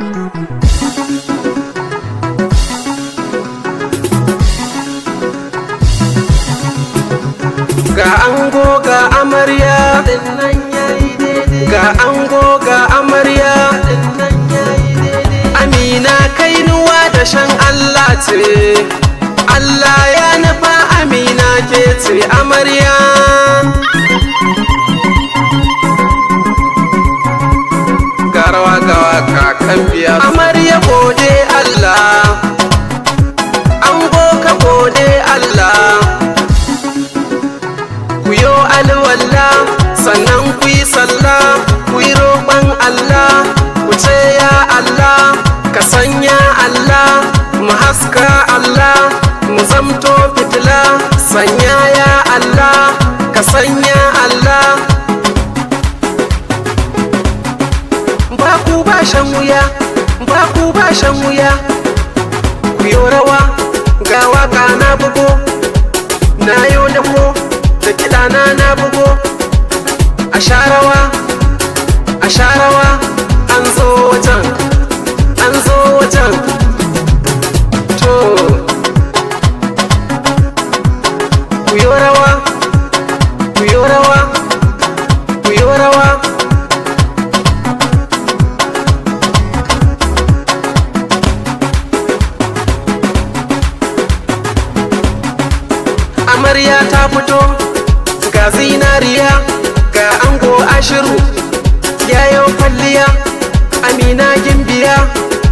ga ango ga amarya ga ango ga amarya amina kainuwa da shan allah ce allah ya nufa amina ke ce amarya Amarya ya gode Allah Ango ka gode Allah Ku yo alwalla sannan ku yi sallah ku yi roƙon Allah ku ce Allah ka sanya Allah mu haska Allah mu zamto fitila sanya ya Allah ka sanya Allah ba ku ba wuya ku ba shan wuya ku yi rawa ga waka na bugo na yi wani ko da kiɗa na na bugo a sharawa a sharawa an zo wajen an zo wajen amarya ta fito ga zinariya ga ango ashiru yayo kwalliya amina gimbiya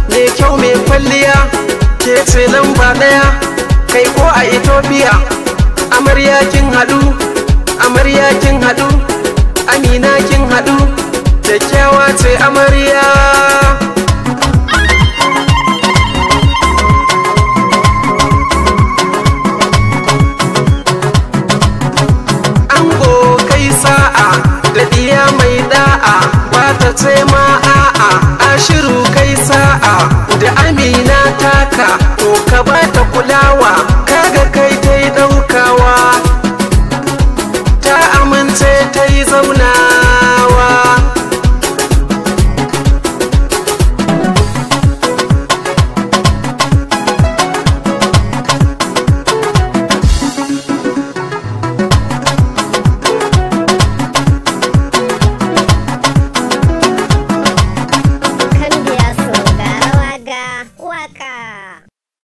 mai kyau mai kwalliya ke ce lamba daya kai ko a ethiopia amarya kin hadu amarya kin hadu amina kin hadu kyakkyawa ce amarya da'a ba ta ce ma a'a ashiru kai sa'a da amina taka to ka ba ta kulawa